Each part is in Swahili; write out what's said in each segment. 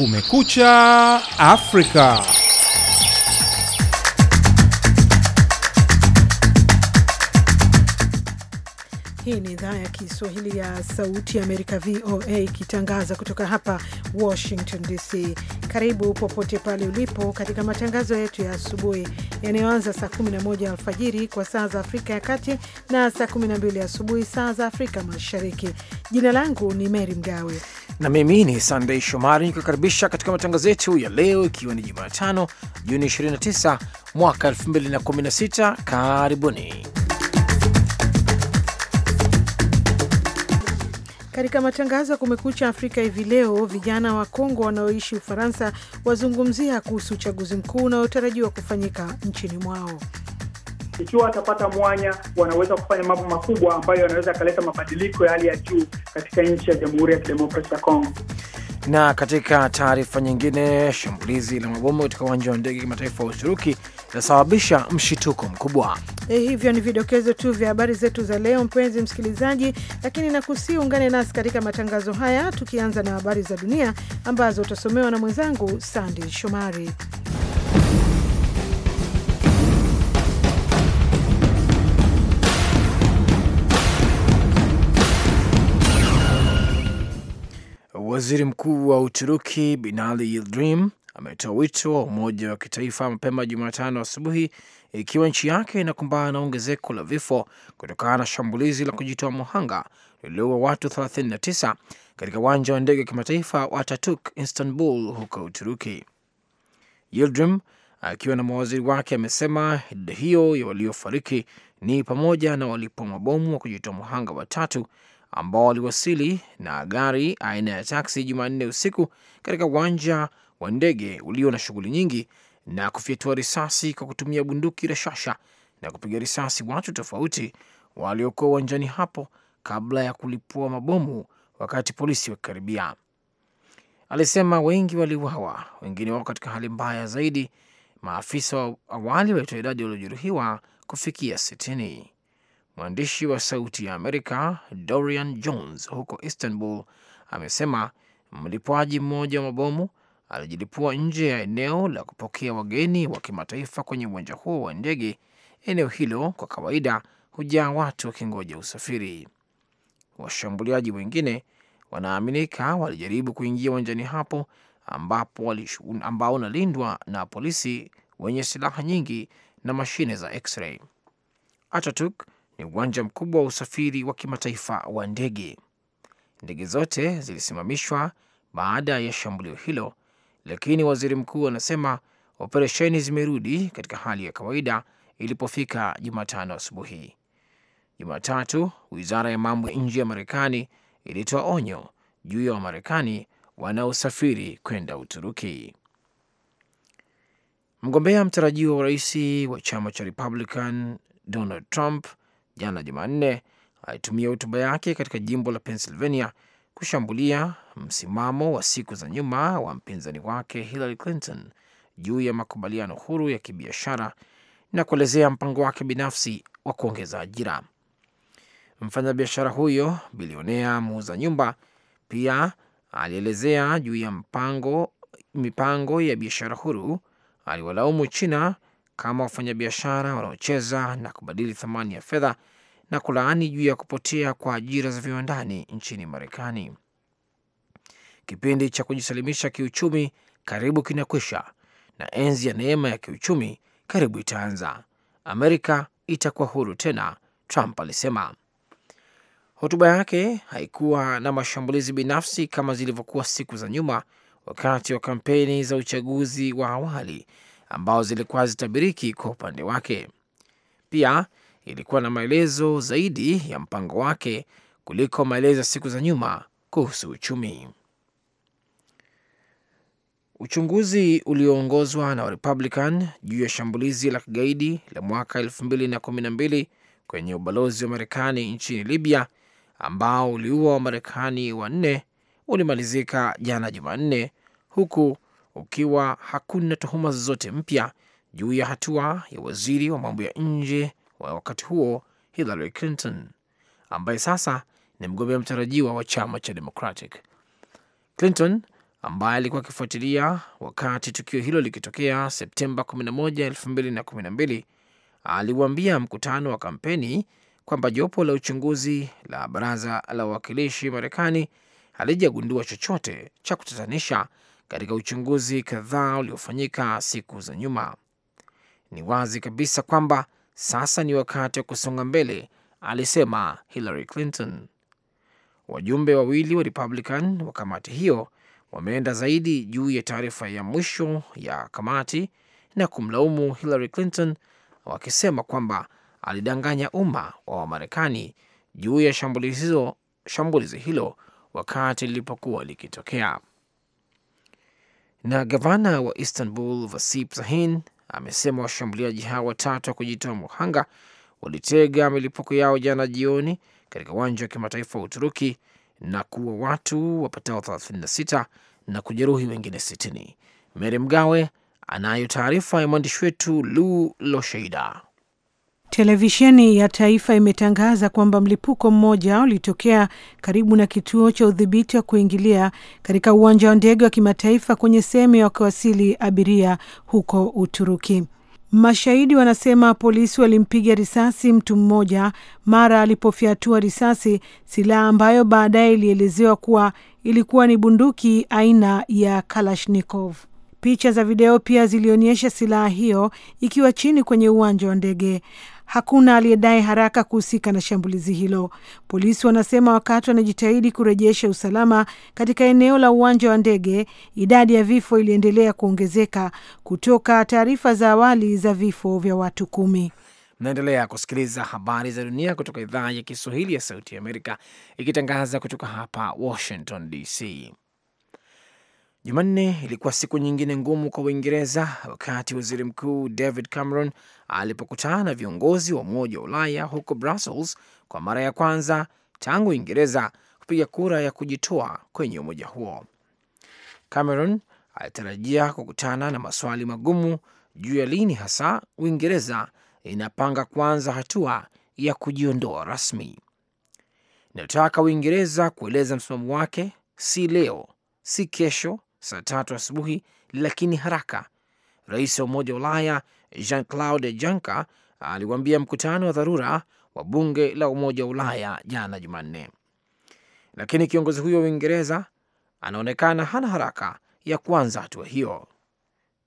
Kumekucha Afrika. Hii ni idhaa ya Kiswahili ya Sauti ya Amerika, VOA, ikitangaza kutoka hapa Washington DC. Karibu popote pale ulipo katika matangazo yetu ya asubuhi yanayoanza saa 11 alfajiri kwa saa za Afrika ya Kati na saa 12 asubuhi saa za Afrika Mashariki. Jina langu ni Mary Mgawe na mimi ni Sandei Shomari nikukaribisha katika matangazo yetu ya leo, ikiwa ni Jumatano Juni 29 mwaka 2016. Karibuni. Katika matangazo ya Kumekucha Afrika hivi leo, vijana wa Kongo wanaoishi Ufaransa wazungumzia kuhusu uchaguzi mkuu unaotarajiwa kufanyika nchini mwao. Ikiwa watapata mwanya, wanaweza kufanya mambo makubwa ambayo yanaweza yakaleta mabadiliko ya hali ya juu katika nchi ya Jamhuri ya Kidemokrasia ya Kongo. Na katika taarifa nyingine, shambulizi la mabomu katika uwanja wa ndege kimataifa wa Uturuki inasababisha mshituko mkubwa. Eh, hivyo ni vidokezo tu vya habari zetu za leo, mpenzi msikilizaji, lakini na ungane nasi katika matangazo haya, tukianza na habari za dunia ambazo utasomewa na mwenzangu Sandi Shomari. Waziri Mkuu wa Uturuki Binali Yildirim ametoa wito wa umoja wa kitaifa mapema Jumatano asubuhi ikiwa nchi yake inakumbana na ongezeko la vifo kutokana na shambulizi la kujitoa muhanga lililoua watu 39 katika uwanja wa ndege wa kimataifa wa Tatuk, Istanbul huko Uturuki. Yildirim akiwa na mawaziri wake amesema idadi hiyo ya waliofariki ni pamoja na walipo mabomu wa kujitoa muhanga watatu ambao waliwasili na gari aina ya taksi Jumanne usiku katika uwanja wa ndege ulio na shughuli nyingi na kufyatua risasi kwa kutumia bunduki rashasha na kupiga risasi watu tofauti waliokuwa uwanjani hapo kabla ya kulipua mabomu wakati polisi wakikaribia. Alisema wengi waliuawa, wengine wako katika hali mbaya zaidi. Maafisa wa awali walitoa idadi waliojeruhiwa kufikia sitini. Mwandishi wa Sauti ya Amerika Dorian Jones huko Istanbul amesema mlipuaji mmoja wa mabomu alijilipua nje ya eneo la kupokea wageni wa kimataifa kwenye uwanja huo wa ndege. Eneo hilo kwa kawaida hujaa watu wakingoja usafiri. Washambuliaji wengine wanaaminika walijaribu kuingia uwanjani hapo ambapo ambao unalindwa na polisi wenye silaha nyingi na mashine za X-ray. Ataturk ni uwanja mkubwa wa usafiri wa kimataifa wa ndege. Ndege zote zilisimamishwa baada ya shambulio hilo lakini waziri mkuu anasema operesheni zimerudi katika hali ya kawaida ilipofika Jumatano asubuhi. Jumatatu, wizara ya mambo ya nje ya Marekani ilitoa onyo juu ya Wamarekani wanaosafiri kwenda Uturuki. Mgombea mtarajiwa wa rais wa chama cha Republican Donald Trump jana Jumanne alitumia hotuba yake katika jimbo la Pennsylvania kushambulia msimamo wa siku za nyuma wa mpinzani wake Hillary Clinton juu ya makubaliano huru ya kibiashara na kuelezea mpango wake binafsi wa kuongeza ajira. Mfanyabiashara huyo bilionea muuza nyumba pia alielezea juu ya mpango, mipango ya biashara huru. Aliwalaumu China kama wafanyabiashara wanaocheza na kubadili thamani ya fedha na kulaani juu ya kupotea kwa ajira za viwandani nchini Marekani. Kipindi cha kujisalimisha kiuchumi karibu kinakwisha na enzi ya neema ya kiuchumi karibu itaanza. Amerika itakuwa huru tena, Trump alisema. Hotuba yake haikuwa na mashambulizi binafsi kama zilivyokuwa siku za nyuma wakati wa kampeni za uchaguzi wa awali ambao zilikuwa zitabiriki kwa upande wake. Pia ilikuwa na maelezo zaidi ya mpango wake kuliko maelezo ya siku za nyuma kuhusu uchumi. Uchunguzi ulioongozwa na Warepublican juu ya shambulizi la kigaidi la mwaka mbili kwenye ubalozi wa Marekani nchini Libya ambao uliua Wamarekani wanne ulimalizika jana Jumanne, huku ukiwa hakuna tuhuma zozote mpya juu ya hatua ya waziri wa mambo ya nje wa wakati huo Hillary Clinton ambaye sasa ni mgombea mtarajiwa wa chama cha Democratic. Clinton ambaye alikuwa akifuatilia wakati tukio hilo likitokea Septemba 11, 2012 aliuambia mkutano wa kampeni kwamba jopo la uchunguzi la baraza la wawakilishi Marekani halijagundua chochote cha kutatanisha katika uchunguzi kadhaa uliofanyika siku za nyuma. Ni wazi kabisa kwamba sasa ni wakati wa kusonga mbele, alisema Hillary Clinton. Wajumbe wawili wa Republican wa kamati hiyo wameenda zaidi juu ya taarifa ya mwisho ya kamati na kumlaumu Hillary Clinton, wakisema kwamba alidanganya umma wa Wamarekani juu ya shambulizi hilo wakati lilipokuwa likitokea. Na gavana wa Istanbul Vasip Sahin amesema washambuliaji hao watatu wa kujitoa muhanga walitega milipuko yao jana jioni katika uwanja wa kimataifa wa Uturuki na kuwa watu wapatao 36 na kujeruhi wengine 60. mary Mgawe anayo taarifa ya mwandishi wetu Lu Losheida. Televisheni ya taifa imetangaza kwamba mlipuko mmoja ulitokea karibu na kituo cha udhibiti wa kuingilia katika uwanja wa ndege wa kimataifa kwenye sehemu ya wakiwasili abiria huko Uturuki. Mashahidi wanasema polisi walimpiga risasi mtu mmoja mara alipofyatua risasi, silaha ambayo baadaye ilielezewa kuwa ilikuwa ni bunduki aina ya Kalashnikov. Picha za video pia zilionyesha silaha hiyo ikiwa chini kwenye uwanja wa ndege. Hakuna aliyedai haraka kuhusika na shambulizi hilo, polisi wanasema. Wakati wanajitahidi kurejesha usalama katika eneo la uwanja wa ndege, idadi ya vifo iliendelea kuongezeka kutoka taarifa za awali za vifo vya watu kumi. Mnaendelea kusikiliza habari za dunia kutoka idhaa ya Kiswahili ya Sauti ya Amerika, ikitangaza kutoka hapa Washington DC. Jumanne ilikuwa siku nyingine ngumu kwa Uingereza wakati waziri mkuu David Cameron alipokutana na viongozi wa Umoja wa Ulaya huko Brussels kwa mara ya kwanza tangu Uingereza kupiga kura ya kujitoa kwenye umoja huo. Cameron alitarajia kukutana na maswali magumu juu ya lini hasa Uingereza inapanga kuanza hatua ya kujiondoa rasmi. Inayotaka Uingereza kueleza msimamo wake, si leo, si kesho, saa tatu asubuhi, lakini haraka. Rais wa Umoja wa Ulaya Jean Claude Juncker aliwaambia mkutano wa dharura wa bunge la Umoja wa Ulaya jana Jumanne, lakini kiongozi huyo wa Uingereza anaonekana hana haraka ya kuanza hatua hiyo.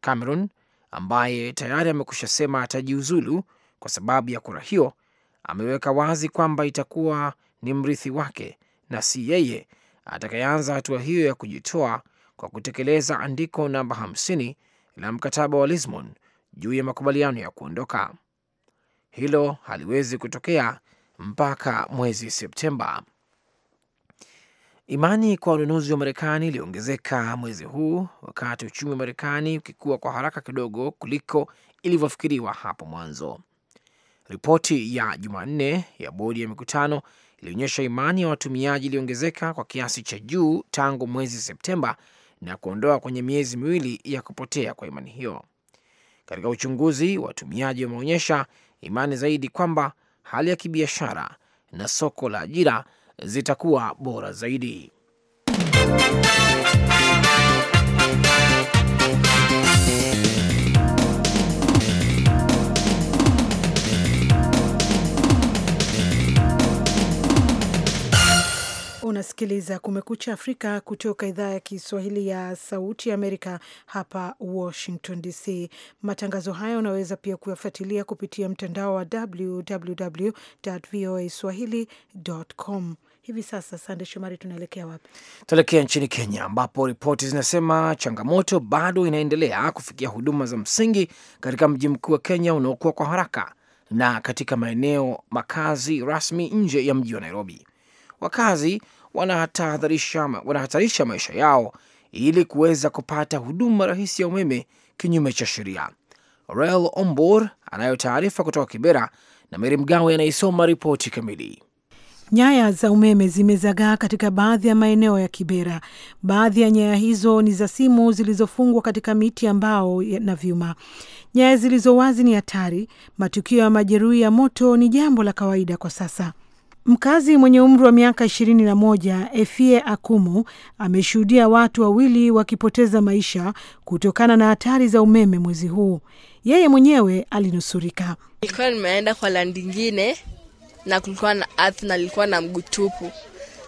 Cameron ambaye tayari amekusha sema atajiuzulu kwa sababu ya kura hiyo, ameweka wazi kwamba itakuwa ni mrithi wake na si yeye atakayeanza hatua hiyo ya kujitoa kwa kutekeleza andiko namba 50 la mkataba wa Lisbon juu ya makubaliano ya kuondoka. Hilo haliwezi kutokea mpaka mwezi Septemba. Imani kwa ununuzi wa Marekani iliongezeka mwezi huu wakati uchumi wa Marekani ukikua kwa haraka kidogo kuliko ilivyofikiriwa hapo mwanzo. Ripoti ya Jumanne ya bodi ya mikutano ilionyesha imani ya watumiaji iliongezeka kwa kiasi cha juu tangu mwezi Septemba na kuondoa kwenye miezi miwili ya kupotea kwa imani hiyo. Katika uchunguzi, watumiaji wameonyesha imani zaidi kwamba hali ya kibiashara na soko la ajira zitakuwa bora zaidi. unasikiliza Kumekucha Afrika kutoka idhaa ya Kiswahili ya Sauti ya Amerika hapa Washington DC. Matangazo haya unaweza pia kuyafuatilia kupitia mtandao wa www voa swahili.com. Hivi sasa, Sande Shomari, tunaelekea wapi? Tuelekea nchini Kenya, ambapo ripoti zinasema changamoto bado inaendelea kufikia huduma za msingi katika mji mkuu wa Kenya unaokuwa kwa haraka na katika maeneo makazi rasmi nje ya mji wa Nairobi. Wakazi wanahatarisha wanahatarisha maisha yao ili kuweza kupata huduma rahisi ya umeme kinyume cha sheria. Rael Ombor anayo taarifa kutoka Kibera na Meri Mgawe anaisoma ripoti kamili. Nyaya za umeme zimezagaa katika baadhi ya maeneo ya Kibera. Baadhi ya nyaya hizo ni za simu zilizofungwa katika miti ya mbao na vyuma. Nyaya zilizo wazi ni hatari. Matukio ya majeruhi ya moto ni jambo la kawaida kwa sasa. Mkazi mwenye umri wa miaka ishirini na moja Efie Akumu ameshuhudia watu wawili wakipoteza maisha kutokana na hatari za umeme mwezi huu. Yeye mwenyewe alinusurika. Nilikuwa nimeenda kwa landi ingine na kulikuwa na ardhi na nilikuwa na mguu tupu.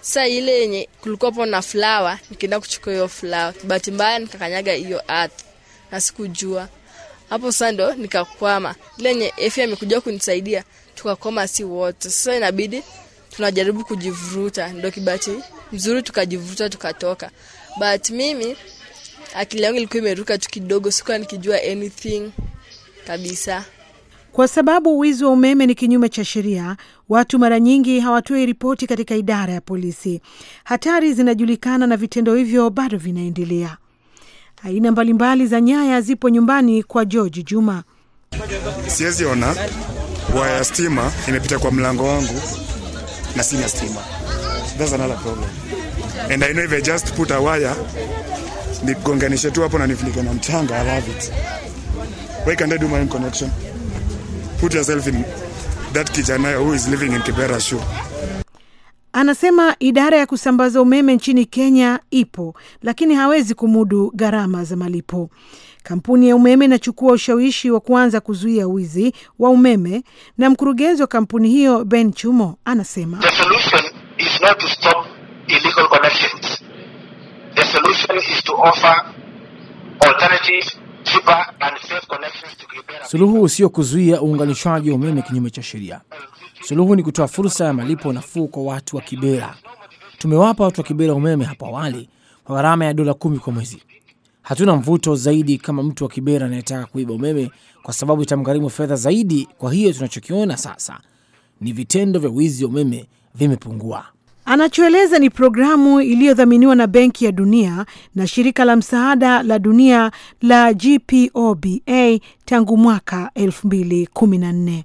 Sa ile yenye kulikuwa po na flawa, nikienda kuchukua hiyo flawa, bahati mbaya nikakanyaga hiyo ardhi na sikujua hapo sasa ndo nikakwama. Ile yenye Efia amekuja kunisaidia, tukakoma si wote. Sasa inabidi tunajaribu kujivuruta, ndo kibati mzuri tukajivuruta tukatoka. But mimi akili yangu ilikuwa imeruka tu kidogo, sikuwa nikijua anything kabisa. Kwa sababu wizi wa umeme ni kinyume cha sheria, watu mara nyingi hawatoi ripoti katika idara ya polisi. Hatari zinajulikana na vitendo hivyo bado vinaendelea. Aina mbalimbali za nyaya zipo nyumbani kwa George Juma. Siwezi ona waya ya stima imepita kwa mlango wangu na senior streamer. That's another problem. And I know if I just put a wire, nigonganishe tu hapo na nifunike na mchanga, I love it. Why can't I do my own connection? Put yourself in that kijana who is living in Kibera shoe. Anasema idara ya kusambaza umeme nchini Kenya ipo, lakini hawezi kumudu gharama za malipo. Kampuni ya umeme inachukua ushawishi wa kuanza kuzuia wizi wa umeme, na mkurugenzi wa kampuni hiyo Ben Chumo anasema The solution is not to stop illegal connections. The solution is to offer Suluhu sio kuzuia uunganishwaji wa umeme kinyume cha sheria, Suluhu ni kutoa fursa ya malipo nafuu kwa watu wa Kibera. Tumewapa watu wa Kibera umeme hapo awali kwa gharama ya dola kumi kwa mwezi. Hatuna mvuto zaidi kama mtu wa Kibera anayetaka kuiba umeme, kwa sababu itamgharimu fedha zaidi. Kwa hiyo tunachokiona sasa ni vitendo vya wizi wa umeme vimepungua. Anachoeleza ni programu iliyodhaminiwa na Benki ya Dunia na shirika la msaada la dunia la GPOBA tangu mwaka 2014.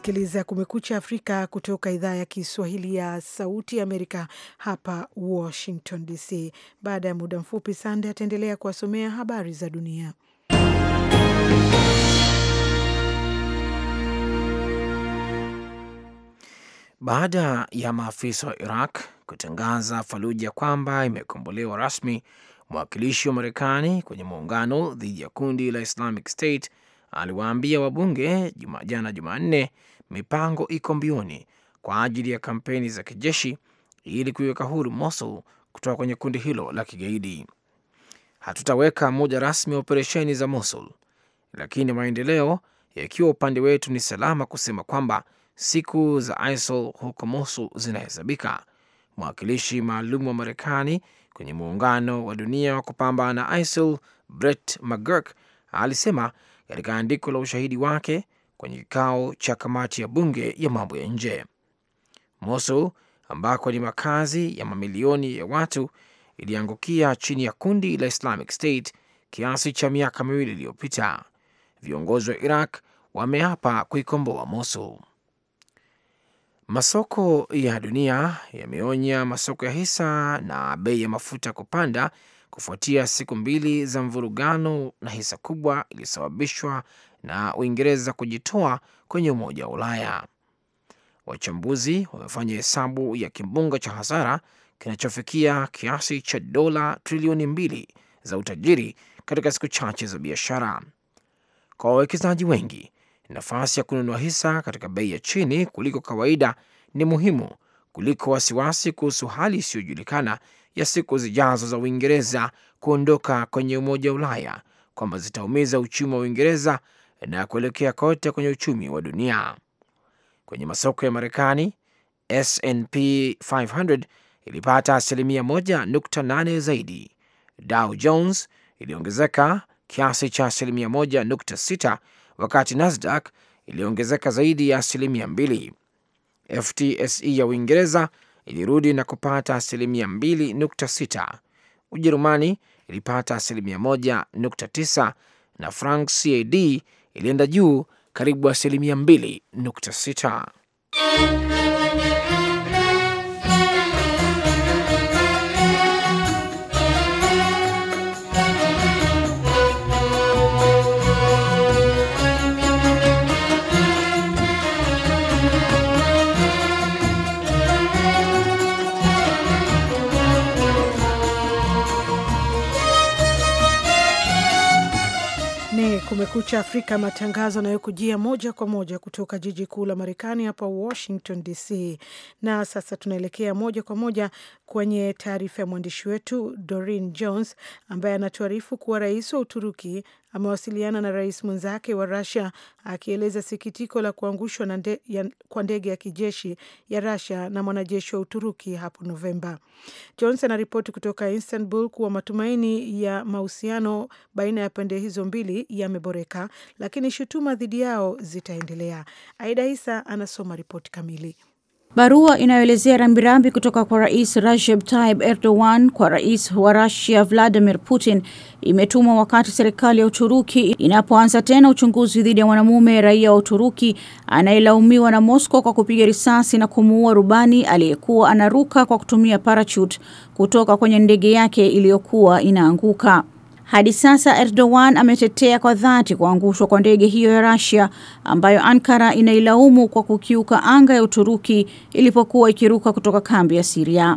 unasikiliza Kumekucha Afrika kutoka idhaa ya Kiswahili ya Sauti Amerika hapa Washington DC. Baada ya muda mfupi, Sande ataendelea kuwasomea habari za dunia. Baada ya maafisa wa Iraq kutangaza Faluja kwamba imekombolewa rasmi, mwakilishi wa Marekani kwenye muungano dhidi ya kundi la Islamic State aliwaambia wabunge jana Jumanne mipango iko mbioni kwa ajili ya kampeni za kijeshi ili kuiweka huru Mosul kutoka kwenye kundi hilo la kigaidi. Hatutaweka moja rasmi operesheni za Mosul, lakini maendeleo yakiwa upande wetu, ni salama kusema kwamba siku za ISIL huko Mosul zinahesabika, mwakilishi maalum wa Marekani kwenye muungano wa dunia wa kupambana na ISIL Brett McGurk alisema katika andiko la ushahidi wake kwenye kikao cha kamati ya bunge ya mambo ya nje. Mosul ambako ni makazi ya mamilioni ya watu iliangukia chini ya kundi la Islamic State kiasi cha miaka miwili iliyopita. Viongozi wa Iraq wameapa kuikomboa Mosul. Masoko ya dunia yameonya masoko ya hisa na bei ya mafuta kupanda kufuatia siku mbili za mvurugano na hisa kubwa iliyosababishwa na Uingereza kujitoa kwenye Umoja wa Ulaya. Wachambuzi wamefanya hesabu ya kimbunga cha hasara kinachofikia kiasi cha dola trilioni mbili za utajiri katika siku chache za biashara. Kwa wawekezaji wengi, nafasi ya kununua hisa katika bei ya chini kuliko kawaida ni muhimu kuliko wasiwasi kuhusu hali isiyojulikana ya siku zijazo za Uingereza kuondoka kwenye Umoja wa Ulaya kwamba zitaumiza uchumi wa Uingereza na kuelekea kote kwenye uchumi wa dunia. Kwenye masoko ya Marekani, SNP 500 ilipata asilimia 1.8 zaidi. Dow Jones iliongezeka kiasi cha asilimia 1.6, wakati Nasdaq iliongezeka zaidi ya asilimia 2. FTSE ya Uingereza ilirudi na kupata asilimia 2.6, Ujerumani ilipata asilimia 1.9 na franc CAD ilienda juu karibu asilimia 2.6. Kumekucha Afrika, matangazo yanayokujia moja kwa moja kutoka jiji kuu la Marekani hapa Washington DC. Na sasa tunaelekea moja kwa moja kwenye taarifa ya mwandishi wetu dorin Jones ambaye anatuarifu kuwa rais wa Uturuki amewasiliana na rais mwenzake wa rasia akieleza sikitiko la kuangushwa kwa ndege ya kijeshi ya rasia na mwanajeshi wa Uturuki hapo Novemba. Johnson anaripoti kutoka Istanbul kuwa matumaini ya mahusiano baina ya pande hizo mbili yameboreka, lakini shutuma dhidi yao zitaendelea. Aida Isa anasoma ripoti kamili. Barua inayoelezea rambirambi kutoka kwa Rais Recep Tayyip Erdogan kwa Rais wa Russia Vladimir Putin imetumwa wakati serikali ya Uturuki inapoanza tena uchunguzi dhidi ya mwanamume raia wa Uturuki anayelaumiwa na Moscow kwa kupiga risasi na kumuua rubani aliyekuwa anaruka kwa kutumia parachute kutoka kwenye ndege yake iliyokuwa inaanguka. Hadi sasa Erdogan ametetea kwa dhati kuangushwa kwa ndege hiyo ya Russia ambayo Ankara inailaumu kwa kukiuka anga ya Uturuki ilipokuwa ikiruka kutoka kambi ya Siria.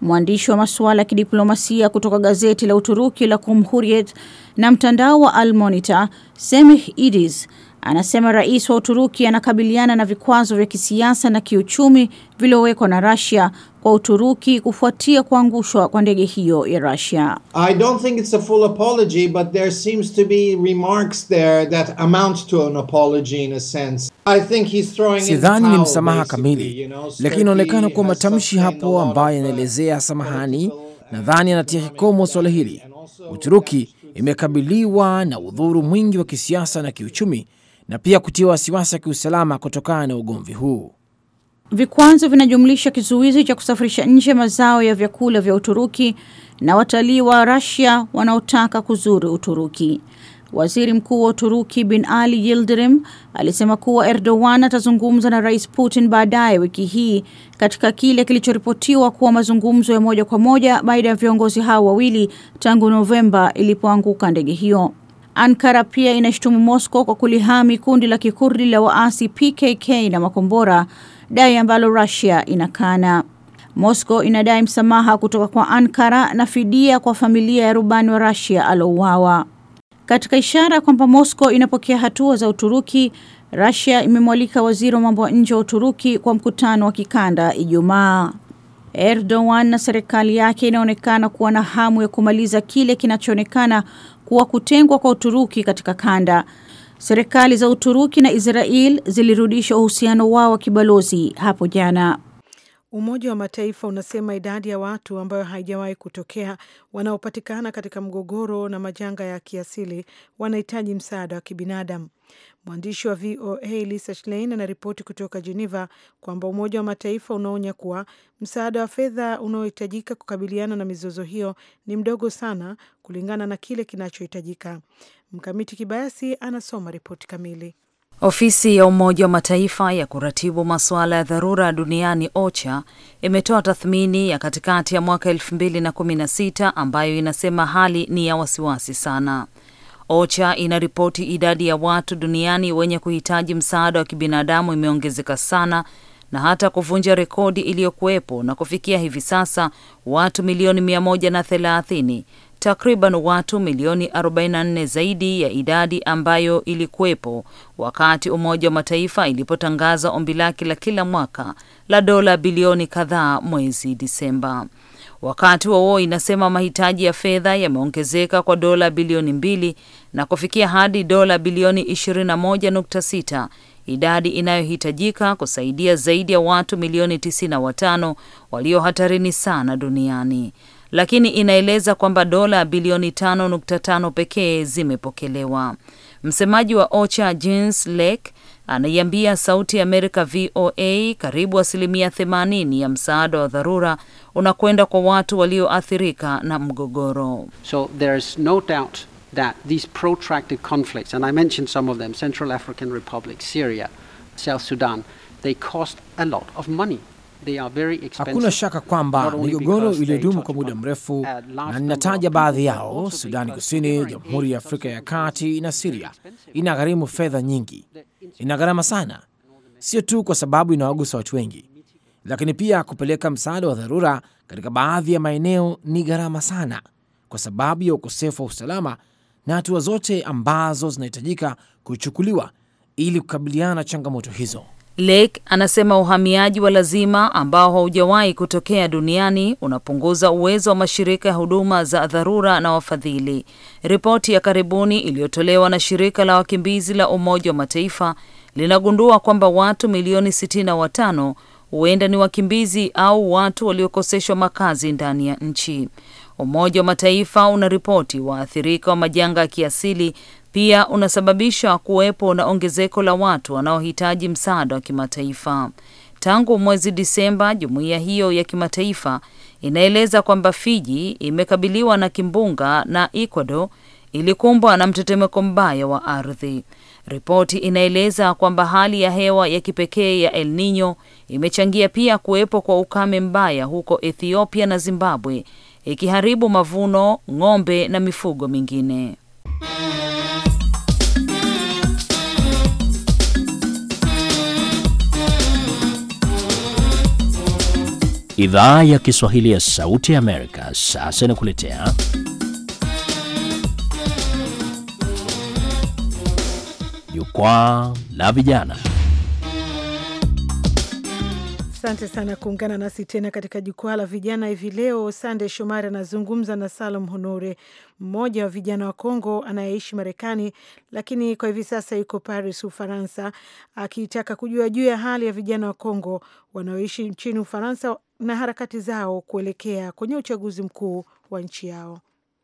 Mwandishi wa masuala ya kidiplomasia kutoka gazeti la Uturuki la Cumhuriyet na mtandao wa Al Monitor, Semih Idiz Anasema rais wa Uturuki anakabiliana na vikwazo vya kisiasa na kiuchumi vilivyowekwa na Russia kwa Uturuki kufuatia kuangushwa kwa ndege hiyo ya Russia. I don't think it's a full apology but there seems to be remarks there that amount to an apology in a sense. I think he's throwing Sidhani ni msamaha kamili, you know, lakini inaonekana kuwa matamshi hapo ambayo uh, yanaelezea samahani, nadhani anatia kikomo swala hili. Uturuki imekabiliwa na udhuru mwingi wa kisiasa na kiuchumi na pia kutia wasiwasi wa kiusalama kutokana na ugomvi huu. Vikwazo vinajumlisha kizuizi cha kusafirisha nje mazao ya vyakula vya Uturuki na watalii wa Rasia wanaotaka kuzuru Uturuki. Waziri Mkuu wa Uturuki Bin Ali Yildirim alisema kuwa Erdogan atazungumza na Rais Putin baadaye wiki hii katika kile kilichoripotiwa kuwa mazungumzo ya moja kwa moja baina ya viongozi hao wawili tangu Novemba ilipoanguka ndege hiyo. Ankara pia inashutumu Moscow kwa kulihami kundi la kikurdi la waasi PKK na makombora, dai ambalo Russia inakana. Moscow inadai msamaha kutoka kwa Ankara na fidia kwa familia ya rubani wa Russia alouawa. Katika ishara kwamba Moscow inapokea hatua za Uturuki, Russia imemwalika waziri wa mambo ya nje wa Uturuki kwa mkutano wa kikanda Ijumaa. Erdogan na serikali yake inaonekana kuwa na hamu ya kumaliza kile kinachoonekana kuwa kutengwa kwa Uturuki katika kanda. Serikali za Uturuki na Israel zilirudisha uhusiano wao wa kibalozi hapo jana. Umoja wa Mataifa unasema idadi ya watu ambayo haijawahi kutokea wanaopatikana katika mgogoro na majanga ya kiasili wanahitaji msaada wa kibinadamu. Mwandishi wa VOA Lisa Schlein anaripoti kutoka Geneva kwamba Umoja wa Mataifa unaonya kuwa msaada wa fedha unaohitajika kukabiliana na mizozo hiyo ni mdogo sana kulingana na kile kinachohitajika. Mkamiti Kibayasi anasoma ripoti kamili. Ofisi ya Umoja wa Mataifa ya kuratibu masuala ya dharura duniani OCHA imetoa tathmini ya katikati ya mwaka 2016 ambayo inasema hali ni ya wasiwasi sana. OCHA inaripoti idadi ya watu duniani wenye kuhitaji msaada wa kibinadamu imeongezeka sana na hata kuvunja rekodi iliyokuwepo na kufikia hivi sasa watu milioni 130, takriban watu milioni 44 zaidi ya idadi ambayo ilikuwepo wakati Umoja wa Mataifa ilipotangaza ombi lake la kila mwaka la dola bilioni kadhaa mwezi Disemba. Wakati huo huo, inasema mahitaji ya fedha yameongezeka kwa dola bilioni mbili na kufikia hadi dola bilioni 21.6, idadi inayohitajika kusaidia zaidi ya watu milioni 95 walio hatarini sana duniani, lakini inaeleza kwamba dola bilioni 5.5 pekee zimepokelewa. Msemaji wa OCHA Jens Lake anaiambia Sauti ya Amerika VOA karibu asilimia 80 ya msaada wa dharura unakwenda kwa watu walioathirika na mgogoro. So no doubt that these protracted conflicts and I mentioned some of them Central African Republic, Syria, South Sudan, they cost a lot of money. Hakuna shaka kwamba migogoro iliyodumu kwa muda mrefu, na ninataja baadhi yao: Sudani Kusini, Jamhuri ya Afrika ya Kati na Siria, inagharimu fedha nyingi, ina gharama sana, sio tu kwa sababu inawagusa watu wengi, lakini pia kupeleka msaada wa dharura katika baadhi ya maeneo ni gharama sana, kwa sababu ya ukosefu wa usalama na hatua zote ambazo zinahitajika kuchukuliwa ili kukabiliana na changamoto hizo. Lake anasema uhamiaji wa lazima ambao haujawahi kutokea duniani unapunguza uwezo wa mashirika ya huduma za dharura na wafadhili. Ripoti ya karibuni iliyotolewa na shirika la wakimbizi la Umoja wa Mataifa linagundua kwamba watu milioni sitini watano huenda ni wakimbizi au watu waliokoseshwa makazi ndani ya nchi. Umoja wa Mataifa unaripoti waathirika wa majanga ya kiasili pia unasababisha kuwepo na ongezeko la watu wanaohitaji msaada wa kimataifa. Tangu mwezi Disemba, jumuiya hiyo ya kimataifa inaeleza kwamba Fiji imekabiliwa na kimbunga na Ecuador ilikumbwa na mtetemeko mbaya wa ardhi. Ripoti inaeleza kwamba hali ya hewa ya kipekee ya El Nino imechangia pia kuwepo kwa ukame mbaya huko Ethiopia na Zimbabwe, ikiharibu mavuno, ng'ombe na mifugo mingine. Idhaa ya Kiswahili ya Sauti ya Amerika sasa inakuletea Jukwaa la Vijana. Asante sana kuungana nasi tena katika jukwaa la vijana hivi leo. Sande Shomari anazungumza na salom Honore, mmoja wa vijana wa Kongo anayeishi Marekani, lakini kwa hivi sasa yuko Paris, Ufaransa, akitaka kujua juu ya hali ya vijana wa Kongo wanaoishi nchini Ufaransa na harakati zao kuelekea kwenye uchaguzi mkuu wa nchi yao.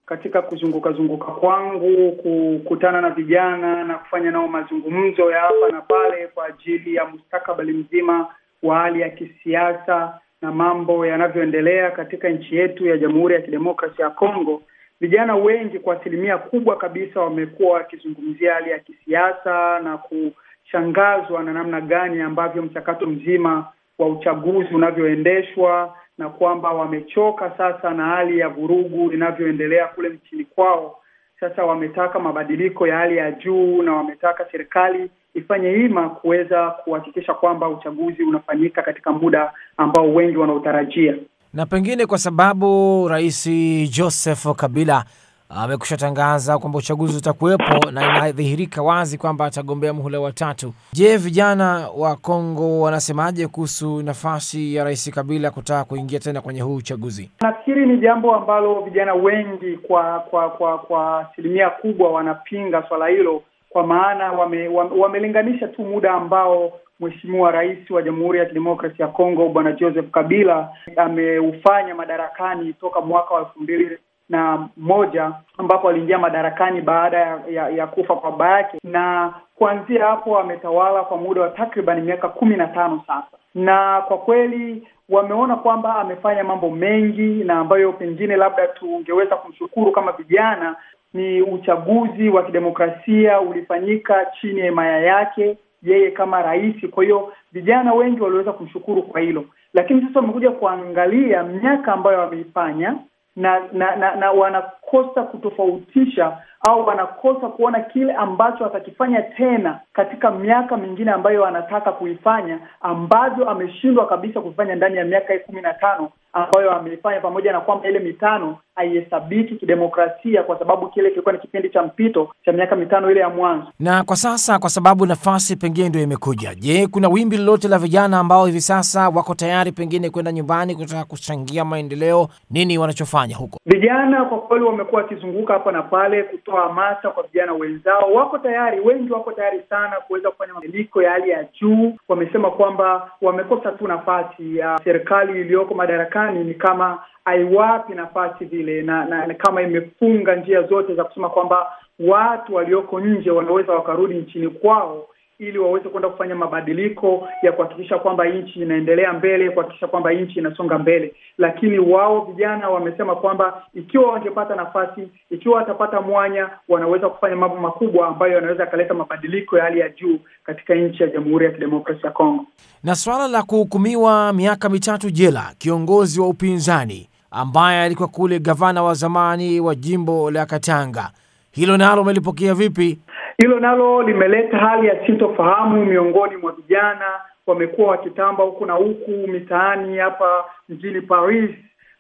Katika kuzunguka zunguka kwangu, kukutana na vijana na kufanya nao mazungumzo ya hapa na pale kwa ajili ya mustakabali mzima wa hali ya kisiasa na mambo yanavyoendelea katika nchi yetu ya Jamhuri ya Kidemokrasia ya Kongo, vijana wengi kwa asilimia kubwa kabisa wamekuwa wakizungumzia hali ya kisiasa na kushangazwa na namna gani ambavyo mchakato mzima wa uchaguzi unavyoendeshwa na kwamba wamechoka sasa na hali ya vurugu inavyoendelea kule nchini kwao. Sasa wametaka mabadiliko ya hali ya juu na wametaka serikali ifanye hima kuweza kuhakikisha kwamba uchaguzi unafanyika katika muda ambao wengi wanaotarajia na pengine kwa sababu Rais Joseph Kabila amekusha tangaza kwamba uchaguzi utakuwepo na inadhihirika wazi kwamba atagombea muhula wa tatu. Je, vijana wa Kongo wanasemaje kuhusu nafasi ya Rais Kabila kutaka kuingia tena kwenye huu uchaguzi? Nafikiri ni jambo ambalo vijana wengi kwa kwa kwa kwa asilimia kubwa wanapinga swala hilo, kwa maana wame, wame, wamelinganisha tu muda ambao Mheshimiwa Rais wa Jamhuri ya Kidemokrasia ya Kongo Bwana Joseph Kabila ameufanya madarakani toka mwaka wa elfu mbili na moja ambapo aliingia madarakani baada ya, ya, ya kufa kwa baba yake, na kuanzia hapo ametawala kwa muda wa takriban miaka kumi na tano sasa, na kwa kweli wameona kwamba amefanya mambo mengi na ambayo pengine labda tungeweza kumshukuru kama vijana. Ni uchaguzi wa kidemokrasia ulifanyika chini ya himaya yake yeye kama rais. Kwa hiyo vijana wengi waliweza kumshukuru kwa hilo, lakini sasa wamekuja kuangalia miaka ambayo ameifanya na na, na na wanakosa kutofautisha au wanakosa kuona kile ambacho atakifanya tena katika miaka mingine ambayo anataka kuifanya ambavyo ameshindwa kabisa kufanya ndani ya miaka kumi na tano ambayo ameifanya, pamoja na kwamba ile mitano haihesabiki kidemokrasia, kwa sababu kile kilikuwa ni kipindi cha mpito cha miaka mitano ile ya mwanzo. Na kwa sasa, kwa sababu nafasi pengine ndio imekuja, je, kuna wimbi lolote la vijana ambao hivi sasa wako tayari pengine kwenda nyumbani kutaka kuchangia maendeleo? Nini wanachofanya huko? Vijana kwa kweli wamekuwa wakizunguka hapa na pale kutoa hamasa kwa vijana wenzao, wako tayari, wengi wako tayari sana kuweza kufanya mabadiliko ya hali ya juu. Wamesema kwamba wamekosa tu nafasi ya serikali iliyoko madarakani, ni kama haiwapi nafasi vile mbele na, na, na kama imefunga njia zote za kusema kwamba watu walioko nje wanaweza wakarudi nchini kwao ili waweze kwenda kufanya mabadiliko ya kuhakikisha kwamba nchi inaendelea mbele, kuhakikisha kwamba nchi inasonga mbele. Lakini wao vijana wamesema kwamba ikiwa wangepata nafasi, ikiwa watapata mwanya, wanaweza kufanya mambo makubwa ambayo yanaweza yakaleta mabadiliko ya hali ya juu katika nchi ya Jamhuri ya Kidemokrasia ya Kongo. Na suala la kuhukumiwa miaka mitatu jela kiongozi wa upinzani ambaye alikuwa kule gavana wa zamani wa jimbo la Katanga. Hilo nalo umelipokea vipi? Hilo nalo limeleta hali ya sintofahamu miongoni mwa vijana, wamekuwa wakitamba huku na huku mitaani hapa mjini Paris.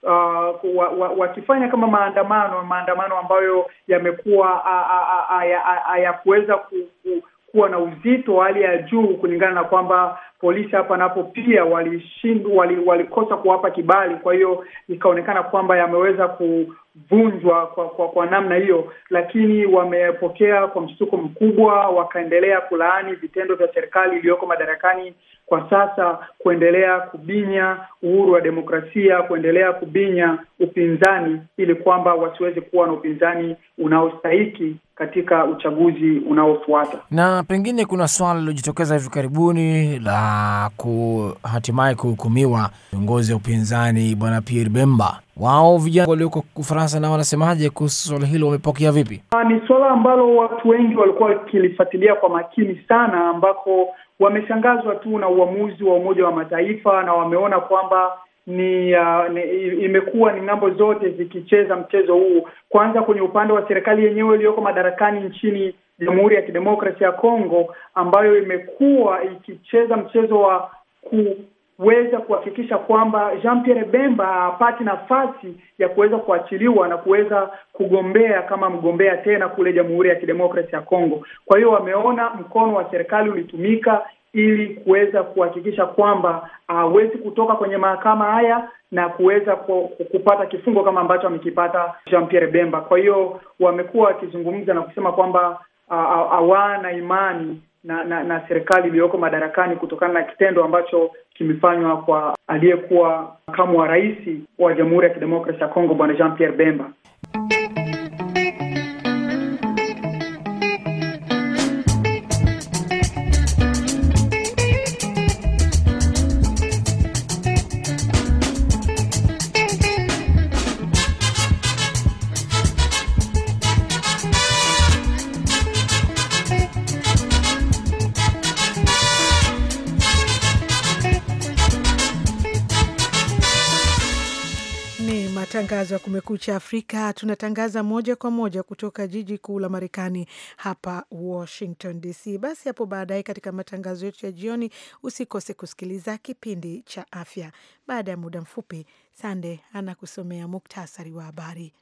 Uh, wa, wa, wakifanya kama maandamano maandamano ambayo yamekuwa hayakuweza ku, ku, kuwa na uzito wa hali ya juu kulingana na kwamba polisi hapa napo pia walishindwa, walikosa kuwapa kibali, kwa hiyo ikaonekana kwamba yameweza kuvunjwa kwa, kwa, kwa namna hiyo, lakini wamepokea kwa mshtuko mkubwa, wakaendelea kulaani vitendo vya serikali iliyoko madarakani kwa sasa kuendelea kubinya uhuru wa demokrasia, kuendelea kubinya upinzani ili kwamba wasiweze kuwa na upinzani unaostahiki katika uchaguzi unaofuata. Na pengine kuna swala lilojitokeza hivi karibuni la hatimaye kuhukumiwa viongozi wa upinzani bwana Pierre Bemba. Wao vijana walioko Ufaransa nao wanasemaje kuhusu swala hilo, wamepokea vipi? Ah, ni swala ambalo watu wengi walikuwa wakilifuatilia kwa makini sana, ambako wameshangazwa tu na uamuzi wa Umoja wa Mataifa na wameona kwamba ni, uh, ni imekuwa ni ng'ambo zote zikicheza mchezo huu, kwanza kwenye upande wa serikali yenyewe iliyoko madarakani nchini Jamhuri ya Kidemokrasia ya Kongo, ambayo imekuwa ikicheza mchezo wa kuweza kuhakikisha kwamba Jean Pierre Bemba hapati nafasi ya kuweza kuachiliwa na kuweza kugombea kama mgombea tena kule Jamhuri ya Kidemokrasia ya Kongo. Kwa hiyo wameona mkono wa serikali ulitumika ili kuweza kuhakikisha kwamba ah, hawezi kutoka kwenye mahakama haya na kuweza kupata kifungo kama ambacho amekipata Jean Pierre Bemba. Kwa hiyo wamekuwa wakizungumza na kusema kwamba ah, ah, hawana imani na, na, na serikali iliyoko madarakani kutokana na kitendo ambacho kimefanywa kwa aliyekuwa makamu wa rais wa Jamhuri ya Kidemokrasia ya Kongo Bwana Jean Pierre Bemba. matangazo ya Kumekucha Afrika. Tunatangaza moja kwa moja kutoka jiji kuu la Marekani, hapa Washington DC. Basi hapo baadaye katika matangazo yetu ya jioni, usikose kusikiliza kipindi cha afya. Baada ya muda mfupi, Sande anakusomea muktasari wa habari.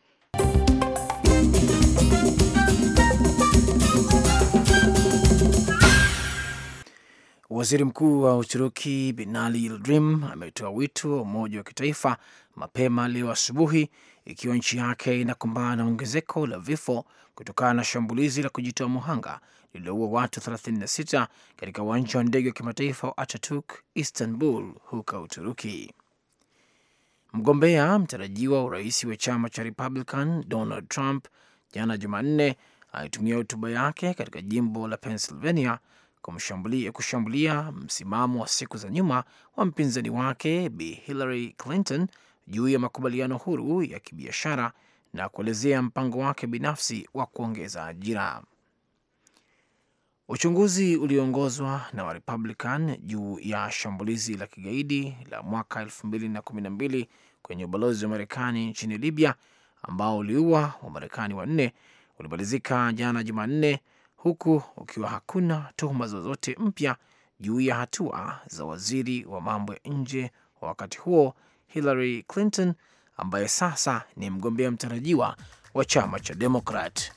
Waziri Mkuu wa Uturuki Binali Yildirim ametoa wito wa umoja wa kitaifa mapema leo asubuhi, ikiwa nchi yake inakumbana na ongezeko la vifo kutokana na shambulizi la kujitoa muhanga lililoua watu 36 katika uwanja wa ndege wa kimataifa wa Ataturk Istanbul, huko Uturuki. Mgombea mtarajiwa urais wa chama cha Republican Donald Trump jana Jumanne alitumia hotuba yake katika jimbo la Pennsylvania kushambulia msimamo wa siku za nyuma wa mpinzani wake Bi Hillary Clinton juu ya makubaliano huru ya kibiashara na kuelezea mpango wake binafsi wa kuongeza ajira. Uchunguzi ulioongozwa na Republican juu ya shambulizi la kigaidi la mwaka 2012 kwenye ubalozi wa Marekani nchini Libya ambao uliua Wamarekani wanne ulimalizika jana Jumanne huku ukiwa hakuna tuhuma zozote mpya juu ya hatua za waziri wa mambo ya nje wa wakati huo Hillary Clinton ambaye sasa ni mgombea mtarajiwa wa chama cha Demokrat.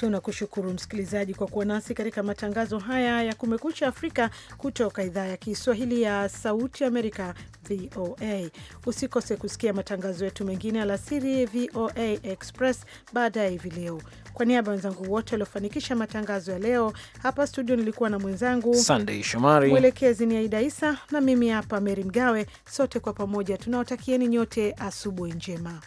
Tunakushukuru msikilizaji kwa kuwa nasi katika matangazo haya ya Kumekucha Afrika kutoka idhaa ya Kiswahili ya Sauti Amerika, VOA. Usikose kusikia matangazo yetu mengine alasiri, VOA Express baadaye hivi leo. Kwa niaba ya wenzangu wote waliofanikisha matangazo ya leo, hapa studio nilikuwa na mwenzangu Sandei Shomari, mwelekezi ni Aida Isa na mimi hapa Meri Mgawe. Sote kwa pamoja tunawatakieni nyote asubuhi njema.